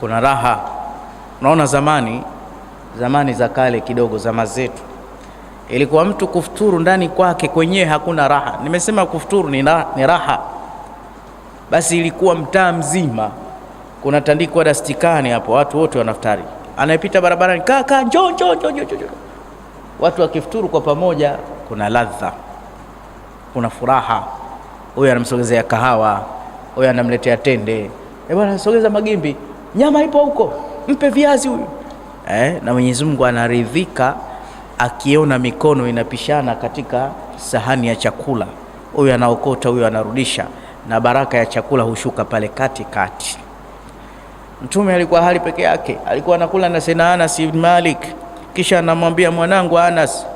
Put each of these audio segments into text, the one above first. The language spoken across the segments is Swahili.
kuna raha. Unaona, zamani zamani za kale kidogo, zama zetu, ilikuwa mtu kufuturu ndani kwake kwenyewe hakuna raha. Nimesema kufuturu ni raha, basi ilikuwa mtaa mzima kunatandikwa dastikani hapo, watu wote wanaftari, anayepita barabarani kaka, njoo njoo njoo njoo, watu wakifuturu kwa pamoja, kuna ladha, kuna furaha. Huyu anamsogezea kahawa, huyu anamletea tende, e bwana, sogeza magimbi nyama ipo huko, mpe viazi huyu eh. Na Mwenyezi Mungu anaridhika akiona mikono inapishana katika sahani ya chakula, huyu anaokota, huyu anarudisha, na baraka ya chakula hushuka pale katikati. Mtume alikuwa hali peke yake, alikuwa anakula na sena Anas ibn Malik, kisha anamwambia mwanangu Anas,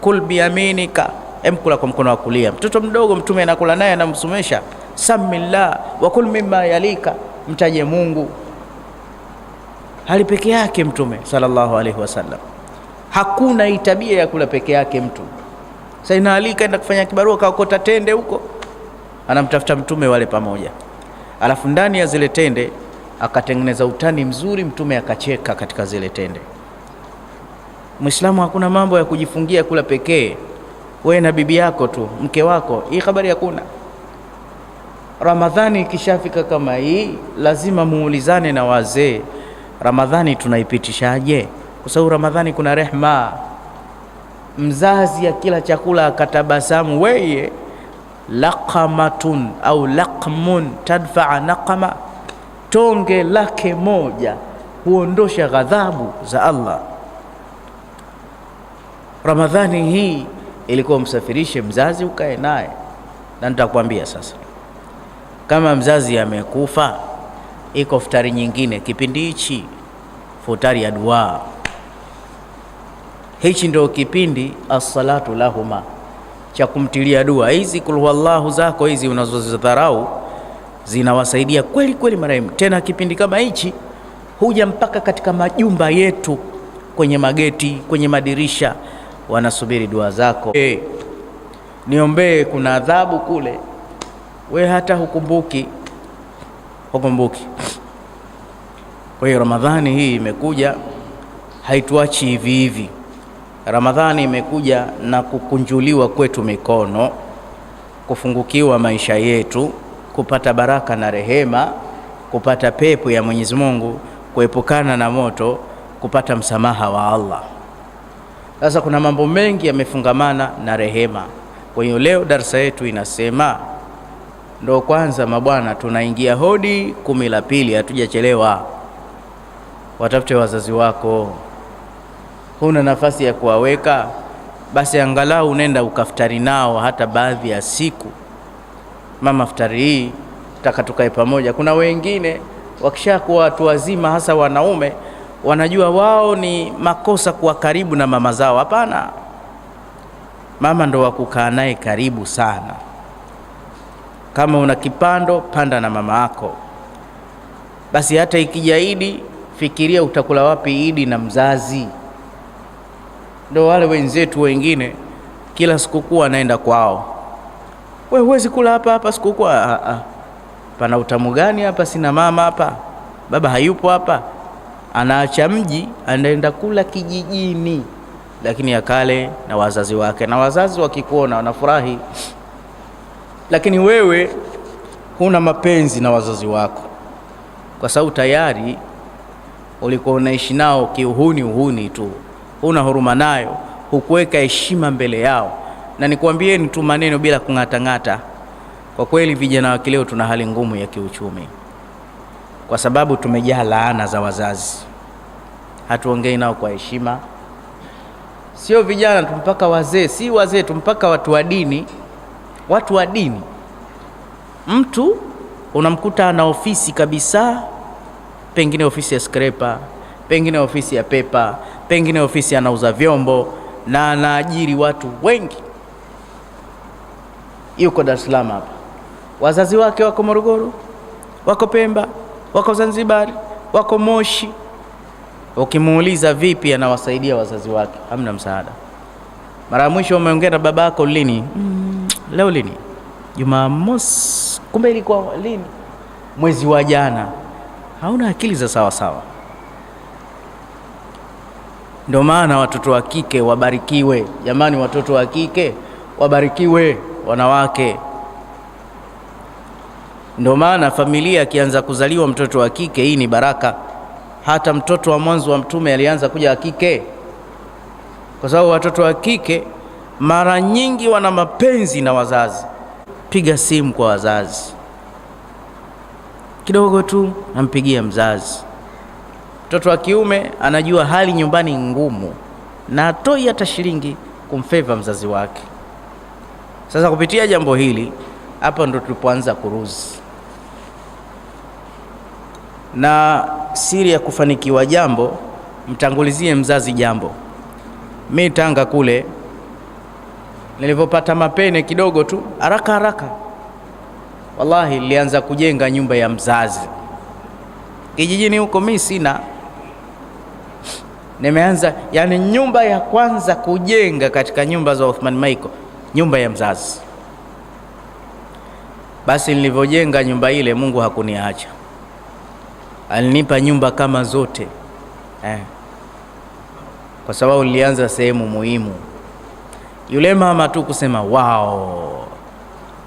kul biyaminika, emkula kwa mkono wa kulia. Mtoto mdogo Mtume anakula naye, anamsomesha samillah wa kul mimma yalika, mtaje Mungu hali peke yake Mtume sallallahu alaihi wasallam. Hakuna hii tabia ya kula peke yake mtu. Sasa Ali kaenda kufanya kibarua, kaokota tende huko, anamtafuta Mtume wale pamoja, alafu ndani ya zile tende akatengeneza utani mzuri, Mtume akacheka katika zile tende. Mwislamu hakuna mambo ya kujifungia kula pekee, wewe na bibi yako tu, mke wako, hii habari hakuna. Ramadhani ikishafika kama hii, lazima muulizane na wazee Ramadhani tunaipitishaje? Kwa sababu Ramadhani kuna rehma. Mzazi ya kila chakula akatabasamu, weye laqamatun au laqmun tadfaa naqama, tonge lake moja huondosha ghadhabu za Allah. Ramadhani hii ilikuwa msafirishe mzazi ukae naye, na nitakwambia sasa, kama mzazi amekufa iko futari nyingine kipindi hichi, futari ya dua Hichi ndio kipindi assalatu lahuma, cha kumtilia dua. Hizi kul huwallahu zako hizi unazozidharau zinawasaidia kweli kweli marehemu. Tena kipindi kama hichi huja mpaka katika majumba yetu, kwenye mageti, kwenye madirisha, wanasubiri dua zako. Hey, niombee, kuna adhabu kule, we hata hukumbuki wakumbuki. Kwa hiyo Ramadhani hii imekuja haituachi hivi hivi. Ramadhani imekuja na kukunjuliwa kwetu mikono, kufungukiwa maisha yetu, kupata baraka na rehema, kupata pepo ya Mwenyezi Mungu, kuepukana na moto, kupata msamaha wa Allah. Sasa kuna mambo mengi yamefungamana na rehema. Kwa hiyo leo darsa yetu inasema ndo kwanza mabwana, tunaingia hodi kumi la pili, hatujachelewa. Watafute wazazi wako, huna nafasi ya kuwaweka basi angalau unaenda ukaftari nao hata baadhi ya siku. Mama, ftari hii taka tukae pamoja. Kuna wengine wakishakuwa watu wazima, hasa wanaume, wanajua wao ni makosa kuwa karibu na mama zao. Hapana, mama ndo wakukaa naye karibu sana. Kama una kipando panda na mama yako. Basi hata ikija Idi, fikiria utakula wapi Idi na mzazi. Ndio wale wenzetu wengine kila sikukuu anaenda kwao, we huwezi kula hapa hapa sikukuu. Ah, ah, ah. Pana utamu gani hapa? Sina mama hapa, baba hayupo hapa. Anaacha mji anaenda kula kijijini, lakini akale na wazazi wake, na wazazi wakikuona wanafurahi lakini wewe huna mapenzi na wazazi wako, kwa sababu tayari ulikuwa unaishi nao kiuhuni uhuni tu, huna huruma nayo, hukuweka heshima mbele yao. Na nikwambieni tu maneno bila kung'atang'ata, kwa kweli vijana wa kileo tuna hali ngumu ya kiuchumi, kwa sababu tumejaa laana za wazazi. Hatuongei nao kwa heshima, sio vijana tu, mpaka wazee, si wazee tu, mpaka watu wa dini watu wa dini. Mtu unamkuta ana ofisi kabisa, pengine ofisi ya skrepa, pengine ofisi ya pepa, pengine ofisi anauza vyombo na anaajiri watu wengi. Yuko Dar es Salaam hapa, wazazi wake wako Morogoro, wako Pemba, wako Zanzibari, wako Moshi. Ukimuuliza vipi anawasaidia wazazi wake, hamna msaada. Mara ya mwisho umeongea na babako lini? mm leo lini? Jumamosi. Kumbe ilikuwa lini? Mwezi wa jana. Hauna akili za sawa sawa. Ndio maana watoto wa kike wabarikiwe jamani, watoto wa kike wabarikiwe, wanawake. Ndio maana familia akianza kuzaliwa mtoto wa kike, hii ni baraka. Hata mtoto wa mwanzo wa Mtume alianza kuja wa kike, kwa sababu watoto wa kike mara nyingi wana mapenzi na wazazi. Piga simu kwa wazazi kidogo tu, nampigia mzazi. Mtoto wa kiume anajua hali nyumbani ngumu, na atoi hata shilingi kumfeva mzazi wake. Sasa kupitia jambo hili, hapa ndo tulipoanza kuruzi na siri ya kufanikiwa jambo, mtangulizie mzazi jambo. Mi Tanga kule nilivyopata mapene kidogo tu, haraka haraka, wallahi nilianza kujenga nyumba ya mzazi kijijini huko. Mi sina nimeanza, yani nyumba ya kwanza kujenga katika nyumba za Othman Michael, nyumba ya mzazi. Basi nilivyojenga nyumba ile, Mungu hakuniacha, alinipa nyumba kama zote eh, kwa sababu nilianza sehemu muhimu yule mama tu kusema wao,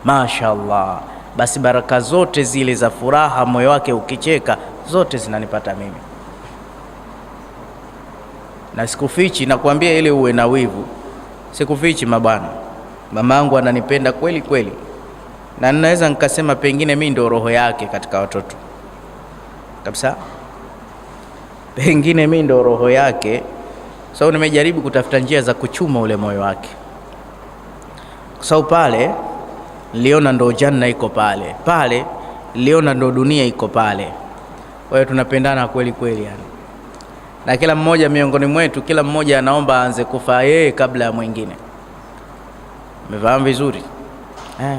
mashaallah, basi baraka zote zile za furaha, moyo wake ukicheka, zote zinanipata mimi. Na sikufichi, nakwambia ili uwe na wivu, sikufichi mabwana, mamangu ananipenda kweli kweli, na ninaweza nikasema pengine mi ndio roho yake katika watoto kabisa, pengine mi ndio roho yake. So nimejaribu kutafuta njia za kuchuma ule moyo wake kwa sababu pale liona ndo janna iko pale, pale liona ndo dunia iko pale. Kwa hiyo tunapendana kweli kweli yani. Na kila mmoja miongoni mwetu, kila mmoja anaomba aanze kufa yeye kabla ya mwingine. Umefahamu vizuri eh?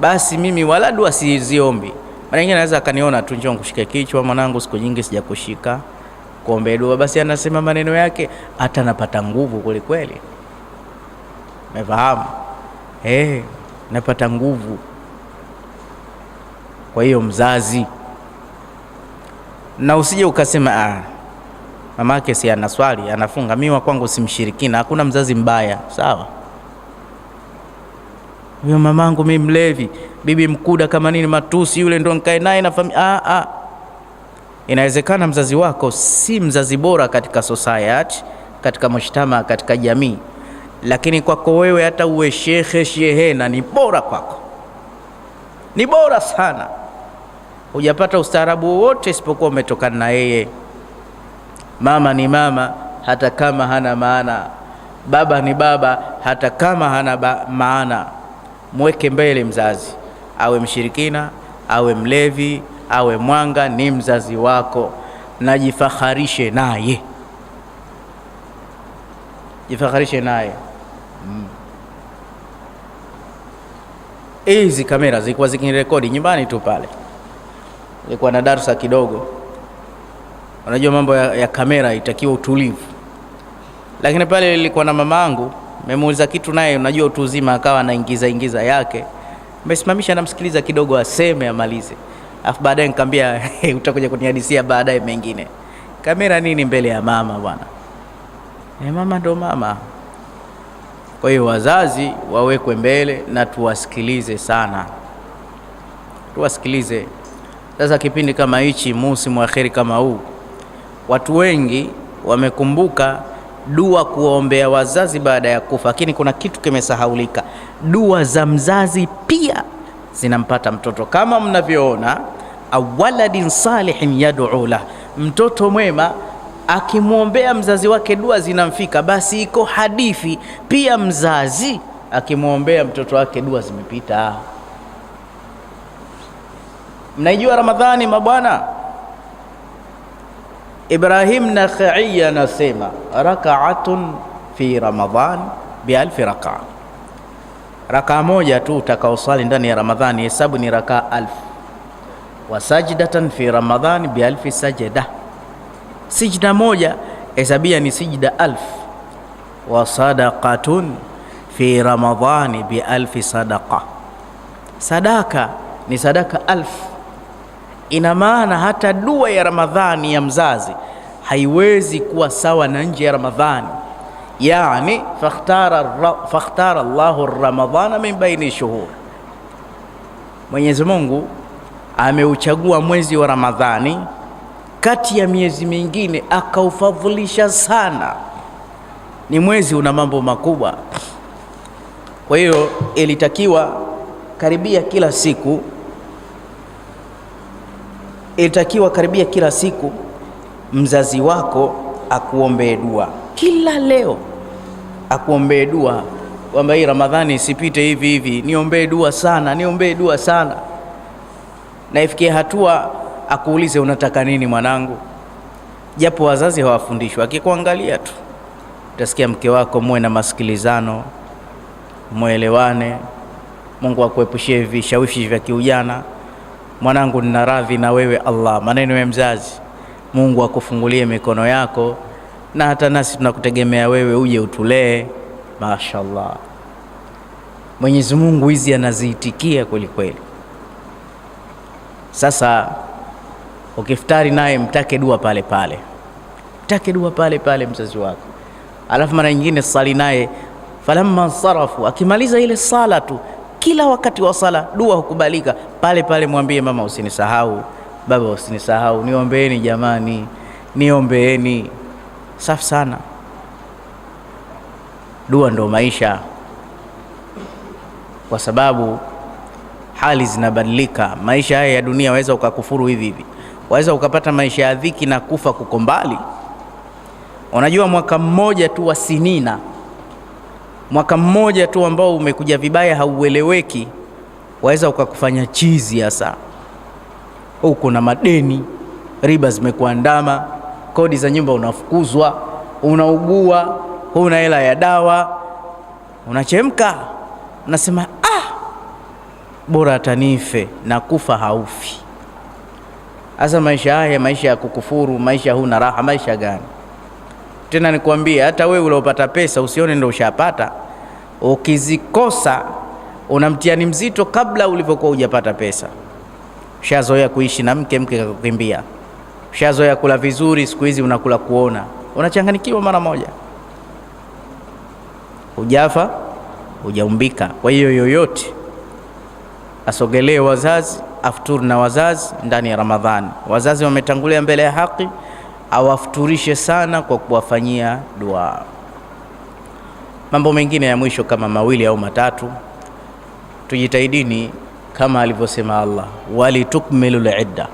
Basi mimi wala dua siziombi. Mara nyingine anaweza akaniona tu, njoo nikushike kichwa mwanangu, siku nyingi sijakushika, kuombea dua. Basi anasema maneno yake, hata napata nguvu kweli kweli mefahamu Eh, napata nguvu. Kwa hiyo mzazi, na usije ukasema ah, mamake si anaswali anafunga, mimi wa kwangu simshirikina. Hakuna mzazi mbaya, sawa? Huyo mamangu mimi mlevi, bibi mkuda kama nini, matusi yule, ndo nikae naye na familia. Ah, ah. Inawezekana mzazi wako si mzazi bora katika society, katika mshtama, katika jamii lakini kwako wewe hata uwe shekhe shehena ni bora kwako, ni bora sana. Hujapata ustaarabu wowote isipokuwa umetokana na yeye. Mama ni mama hata kama hana maana, baba ni baba hata kama hana ba maana. Mweke mbele mzazi, awe mshirikina, awe mlevi, awe mwanga, ni mzazi wako, najifaharishe naye, jifaharishe naye. hizi kamera zilikuwa zikinirekodi nyumbani tu pale, ilikuwa na darsa kidogo. Unajua mambo ya, ya kamera itakiwa utulivu, lakini pale ilikuwa na mamangu, memuuliza kitu naye, unajua utu uzima, akawa anaingiza ingiza yake, mesimamisha namsikiliza kidogo aseme amalize, afu baadaye nikamwambia utakuja kunihadisia baadaye mengine. Kamera nini mbele ya mama bwana? E, mama ndo mama. Kwa hiyo wazazi wawekwe mbele na tuwasikilize sana, tuwasikilize. Sasa kipindi kama hichi, musimu wa kheri kama huu, watu wengi wamekumbuka dua kuwaombea wazazi baada ya kufa, lakini kuna kitu kimesahaulika. Dua za mzazi pia zinampata mtoto, kama mnavyoona, awaladin salihin yad'u lah, mtoto mwema akimwombea mzazi wake dua zinamfika, basi iko hadithi pia mzazi akimwombea mtoto wake dua zimepita. Mnaijua Ramadhani mabwana? Ibrahim Nakhai anasema rakaatun fi Ramadhan bi alfi rakaa, rakaa moja tu utakaosali ndani ya Ramadhani hesabu ni rakaa alfu, Wasajdatan fi Ramadhan bi alfi sajda Sijda moja hesabia ni sijda alf. Wa sadaqatun fi ramadhani bi alfi sadaqa, sadaka ni sadaka alf. Ina maana hata dua ya Ramadhani ya mzazi haiwezi kuwa sawa na nje ya Ramadhani. Yani fakhtara Allahu ramadhana min baini shuhur, Mwenyezi Mungu ameuchagua mwezi wa Ramadhani kati ya miezi mingine akaufavulisha sana. Ni mwezi una mambo makubwa, kwa hiyo ilitakiwa karibia kila siku, ilitakiwa karibia kila siku mzazi wako akuombee dua kila leo, akuombee dua kwamba hii Ramadhani isipite hivi hivi, niombee dua sana, niombee dua sana, na ifikie hatua akuulize unataka nini mwanangu, japo wazazi hawafundishwa. Akikuangalia tu utasikia mke wako, muwe na masikilizano, mwelewane. Mungu akuepushie vishawishi vya kiujana. Mwanangu, nina radhi na wewe Allah, maneno ya mzazi. Mungu akufungulie mikono yako, na hata nasi tunakutegemea wewe, uje utulee. Mashallah, Mwenyezi Mungu hizi anaziitikia kweli kweli. Sasa Ukiftari naye mtake dua pale pale, mtake dua pale pale mzazi wako. Alafu mara nyingine sali naye, falamma sarafu, akimaliza ile sala tu, kila wakati wa sala dua hukubalika pale pale. Mwambie mama, usinisahau, baba, usinisahau, niombeeni jamani, niombeeni. Safi sana. Dua ndo maisha, kwa sababu hali zinabadilika. Maisha haya ya dunia waweza ukakufuru hivi hivi, waweza ukapata maisha ya dhiki na kufa kuko mbali. Unajua, mwaka mmoja tu wa sinina, mwaka mmoja tu ambao umekuja vibaya, haueleweki, waweza ukakufanya chizi. Hasa uko na madeni, riba zimekuandama, kodi za nyumba unafukuzwa, unaugua, huna hela ya dawa, unachemka, unasema bora atanife na kufa haufi. Hasa maisha haya maisha ya kukufuru, maisha huna raha, maisha gani tena? Nikwambie, hata wewe uliopata pesa usione ndio ushapata. Ukizikosa una mtihani mzito kabla ulivyokuwa hujapata pesa. Ushazoea kuishi na mke, mke kakukimbia. Ushazoea kula vizuri, siku hizi unakula kuona, unachanganikiwa mara moja. Hujafa, hujaumbika. Kwa hiyo yoyote asogelee wazazi, afuturu na wazazi ndani ya Ramadhani. Wazazi wametangulia mbele ya haki, awafuturishe sana kwa kuwafanyia dua. Mambo mengine ya mwisho kama mawili au matatu, tujitahidini kama alivyosema Allah, walitukmilu lidda,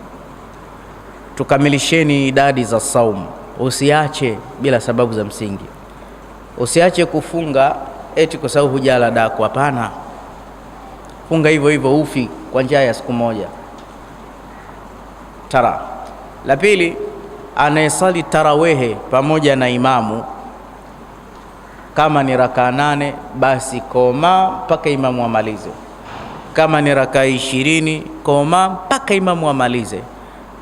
tukamilisheni idadi za saumu. Usiache bila sababu za msingi, usiache kufunga eti kwa sababu hujala daku. Hapana funga hivyo hivyo ufi kwa njia ya siku moja tara. La pili, anayesali tarawehe pamoja na imamu kama ni rakaa nane basi koma mpaka imamu amalize. Kama ni rakaa ishirini koma mpaka imamu amalize.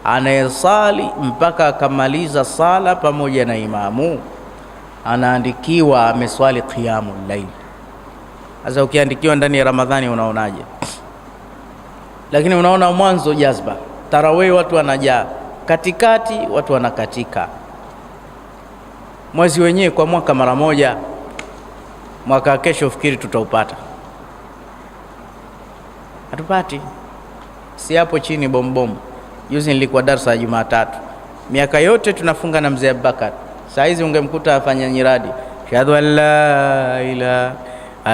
Anayesali mpaka akamaliza sala pamoja na imamu anaandikiwa ameswali qiyamul laili. Sasa ukiandikiwa ndani ya Ramadhani unaonaje? Lakini unaona mwanzo jazba, tarawih watu wanajaa, katikati watu wanakatika. Mwezi wenyewe kwa mwaka mara moja, mwaka kesho fikiri tutaupata? Hatupati. Si hapo chini bombom. Juzi nilikuwa darsa ya Jumatatu, miaka yote tunafunga na mzee Abubakar, saa hizi ungemkuta afanya nyiradi shahadu an la ilaha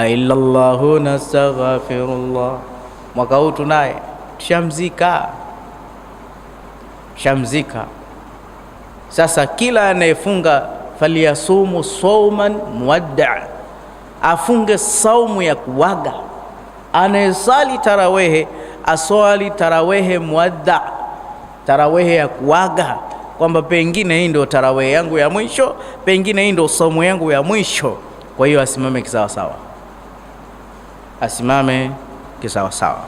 illallahu nastaghfirullah. Mwaka huu tunaye shamzika shamzika. Sasa kila anayefunga falyasumu sawman muwaddaa, afunge saumu ya kuwaga. Anayesali tarawehe aswali tarawehe muwadda, tarawehe ya kuwaga, kwamba pengine hii ndio tarawehe yangu ya mwisho, pengine hii ndio saumu yangu ya mwisho. Kwa hiyo asimame kisawasawa asimame kisawasawa.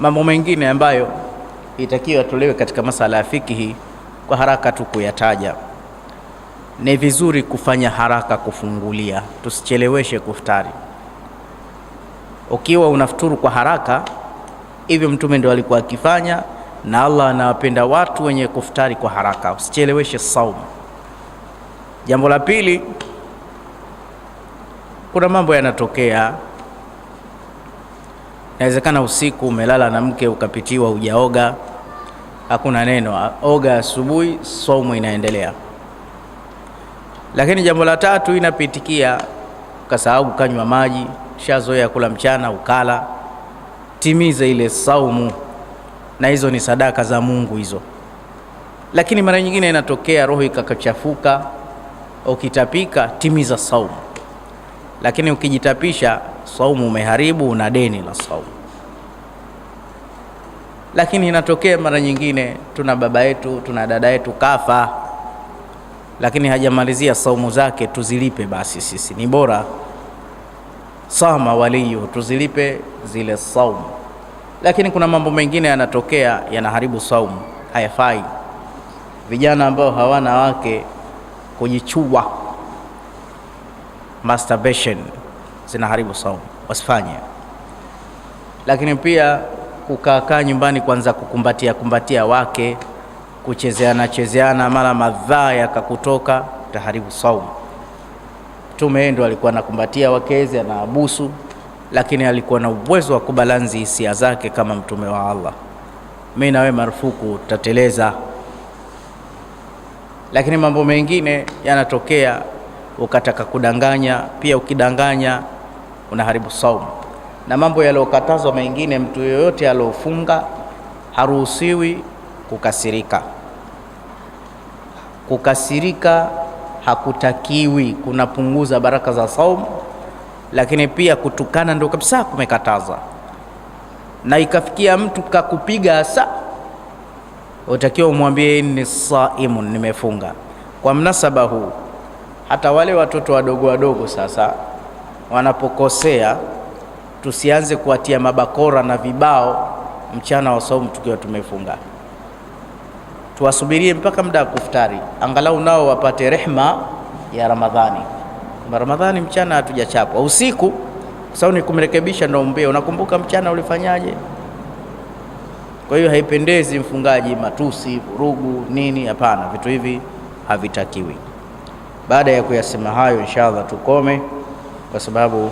Mambo mengine ambayo itakiwa yatolewe katika masala ya fikihi, kwa haraka tu kuyataja, ni vizuri kufanya haraka kufungulia, tusicheleweshe kuftari. Ukiwa unafuturu kwa haraka hivyo, Mtume ndio alikuwa akifanya, na Allah anawapenda watu wenye kuftari kwa haraka, usicheleweshe saumu. Jambo la pili, kuna mambo yanatokea Inawezekana usiku umelala na mke ukapitiwa, ujaoga, hakuna neno, oga asubuhi, somu inaendelea. Lakini jambo la tatu, inapitikia ukasahau kanywa maji, shazoea kula mchana ukala, timiza ile saumu, na hizo ni sadaka za Mungu hizo. Lakini mara nyingine inatokea roho ikakachafuka, ukitapika, timiza saumu, lakini ukijitapisha saumu umeharibu na deni la saumu. Lakini inatokea mara nyingine, tuna baba yetu tuna dada yetu kafa, lakini hajamalizia saumu zake, tuzilipe basi. Sisi ni bora sama waliyu, tuzilipe zile saumu. Lakini kuna mambo mengine yanatokea, yanaharibu saumu, hayafai vijana ambao hawana wake kujichua, masturbation zinaharibu saumu, wasifanye. Lakini pia kukaakaa nyumbani, kwanza kukumbatia kumbatia wake, kuchezeana chezeana, mara madhaa yakakutoka, taharibu saumu. Mtume ndo alikuwa anakumbatia wakezi, anaabusu, lakini alikuwa na uwezo wa kubalanzi hisia zake kama mtume wa Allah. Mimi nawe marufuku, tateleza Lakini mambo mengine yanatokea, ukataka kudanganya pia, ukidanganya unaharibu saumu. Na mambo yaliyokatazwa mengine, mtu yoyote aliofunga haruhusiwi kukasirika. Kukasirika hakutakiwi, kunapunguza baraka za saumu, lakini pia kutukana ndio kabisa kumekataza, na ikafikia mtu kakupiga hasa, utakiwa umwambie ni saimu, nimefunga. Kwa mnasaba huu hata wale watoto wadogo wadogo sasa wanapokosea tusianze kuwatia mabakora na vibao mchana wa saumu tukiwa tumefunga. Tuwasubirie mpaka muda wa kufutari, angalau nao wapate rehma ya Ramadhani. Ramadhani mchana hatujachapwa, usiku kwa sababu ni kumrekebisha, ndo umbea. Unakumbuka mchana ulifanyaje? Kwa hiyo haipendezi mfungaji, matusi, vurugu, nini. Hapana, vitu hivi havitakiwi. Baada ya kuyasema hayo, inshallah tukome kwa sababu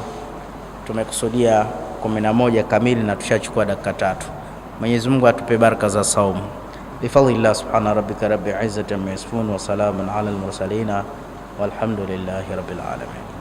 tumekusudia kumi na moja kamili na tushachukua dakika tatu. Mwenyezi Mungu atupe baraka za saumu. Bifadhlillah subhana rabbika rabbil izzati amma yasifun wa salamun ala al mursalina walhamdulillahi rabbil alamin.